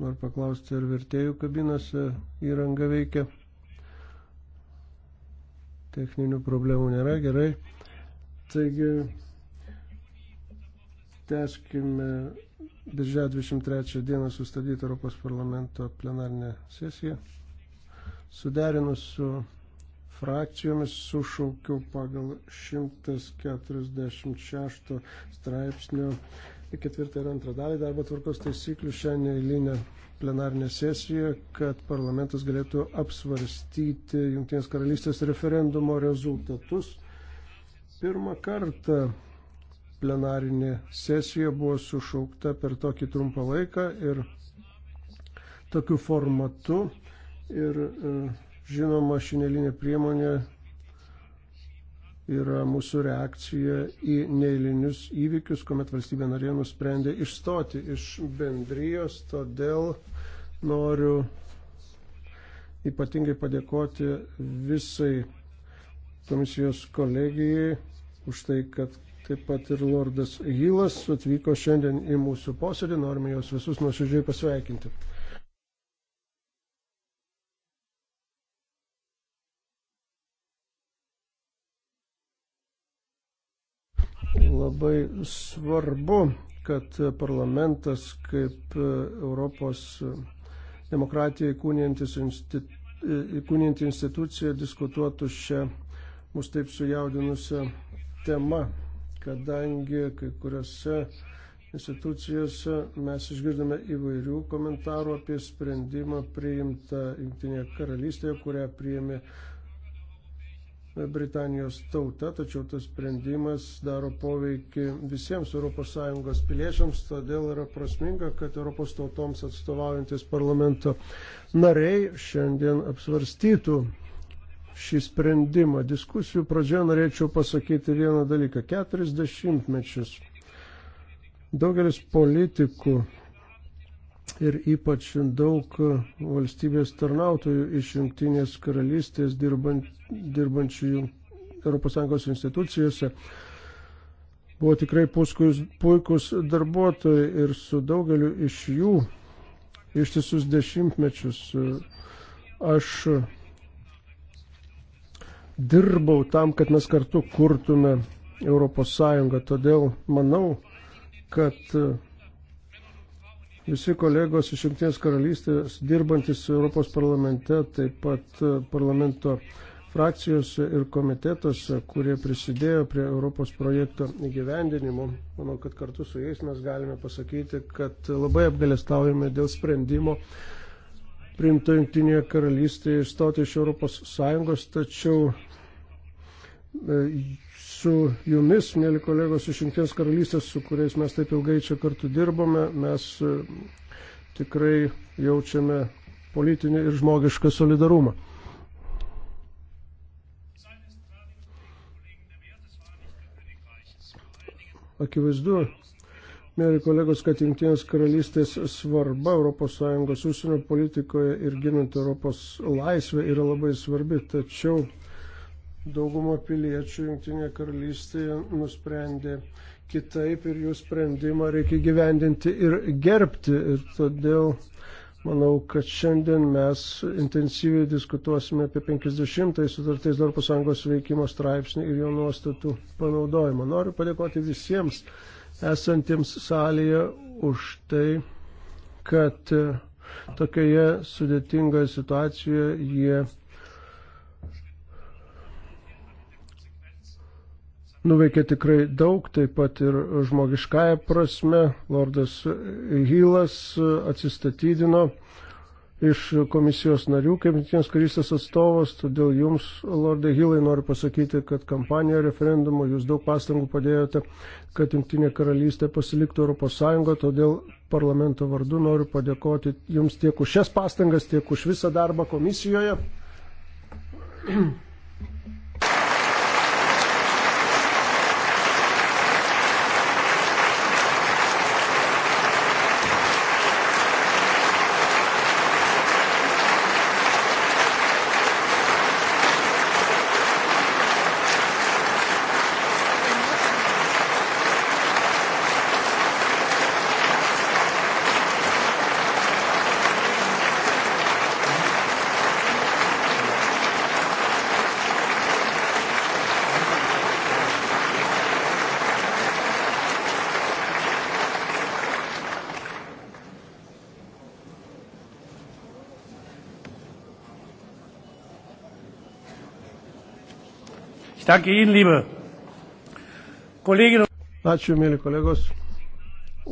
Noriu paklausti, ar vertėjų kabinose įranga veikia. Techninių problemų nėra, gerai. Taigi, teskime birželio 23 dieną sustabdyti Europos parlamento plenarinę sesiją. Suderinus su frakcijomis sušaukiau pagal 146 straipsnio ketvirtą ir antrą dalį darbo tvarkos taisyklių šią neįlinę plenarinę sesiją, kad parlamentas galėtų apsvarstyti Junktinės karalystės referendumo rezultatus. Pirmą kartą plenarinė sesija buvo sušaukta per tokį trumpą laiką ir tokiu formatu. Ir e, žinoma, šinelinė priemonė yra mūsų reakcija į neįlinius įvykius, kuomet valstybė narė nusprendė išstoti iš bendrijos. Todėl noriu ypatingai padėkoti visai komisijos kolegijai už tai, kad taip pat ir Lordas Hilas atvyko šiandien į mūsų posėdį. Norime juos visus nuoširdžiai pasveikinti. labai svarbu, kad parlamentas kaip e, Europos demokratija įkūnijantis e, institucija įkūninti instituciją diskutuotų šią mus taip sujaudinusią temą, kadangi kai kuriuose institucijose mes išgirdome įvairių komentarų apie sprendimą priimtą Junktinėje karalystėje, kurią priėmė Britanijos tauta, tačiau tas sprendimas daro poveikį visiems ES piliečiams, todėl yra prasminga, kad Europos tautoms atstovaujantis parlamento nariai šiandien apsvarstytų šį sprendimą. Diskusijų pradžioje norėčiau pasakyti vieną dalyką. 40 mečius daugelis politikų ir ypač daug valstybės tarnautojų iš Junktinės karalystės dirbant, dirbančių ES institucijose buvo tikrai puskus, puikus darbuotojai ir su daugeliu iš jų ištisus dešimtmečius aš dirbau tam, kad mes kartu kurtume ES. Todėl manau, kad Visi kolegos iš Junktinės karalystės dirbantis Europos parlamente, taip pat e, parlamento frakcijose ir komitetuose, kurie prisidėjo prie Europos projekto įgyvendinimo. Manau, kad kartu su jais mes galime pasakyti, kad labai apgalėstaujame dėl sprendimo priimto Junktinėje karalystėje išstoti iš Europos Sąjungos, tačiau E, su jumis, mėly kolegos iš Junktinės karalystės, su kuriais mes taip ilgai čia kartu dirbome, mes e, tikrai jaučiame politinį ir žmogišką solidarumą. Akivaizdu, mėly kolegos, kad Junktinės karalystės svarba ES užsienio politikoje ir ginant Europos laisvę yra labai svarbi, tačiau dauguma piliečių Junktinėje karalystėje nusprendė kitaip ir jų sprendimą reikia gyvendinti ir gerbti. Ir todėl manau, kad šiandien mes intensyviai diskutuosime apie 50-ąjį sutarties Europos Sąjungos veikimo straipsnį ir jo nuostatų panaudojimą. Noriu padėkoti visiems esantiems salėje už tai, kad tokioje sudėtingoje situacijoje jie nuveikė tikrai daug, taip pat ir žmogiškąją prasme. Lordas Hylas atsistatydino iš komisijos narių kaip jungtinės karystės atstovas, todėl jums, Lordai Hilai, noriu pasakyti, kad kampanijoje referendumo jūs daug pastangų padėjote, kad jungtinė karalystė pasiliktų Europos Sąjungo, todėl parlamento vardu noriu padėkoti jums tiek už šias pastangas, tiek už visą darbą komisijoje. Ich danke Ihnen, liebe Kolleginnen und Ačiū, mėly kolegos,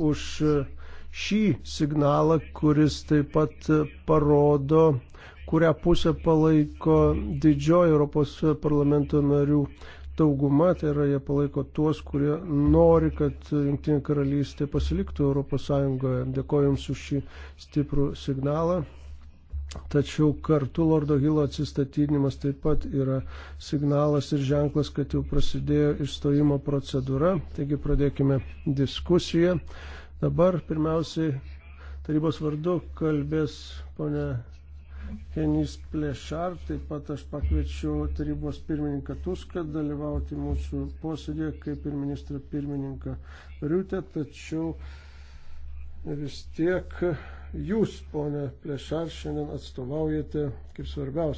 už e, šį signalą, kuris taip pat e, parodo, kurią pusę palaiko didžioji Europos parlamento narių dauguma, tai yra jie palaiko tuos, kurie nori, kad Junktinė karalystė pasiliktų Europos Sąjungoje. Dėkoju Jums už šį stiprų signalą. Tačiau kartu Lordo Hilo atsistatydinimas taip pat yra signalas ir ženklas, kad jau prasidėjo išstojimo procedūra. Taigi pradėkime diskusiją. Dabar pirmiausiai tarybos vardu kalbės ponė Kenys Plešar, taip pat aš pakviečiu tarybos pirmininką Tuską dalyvauti mūsų posėdėje kaip ir ministrą pirmininką Riutę, tačiau vis tiek jūs, ponė Plešar, šiandien atstovaujate kaip svarbiausią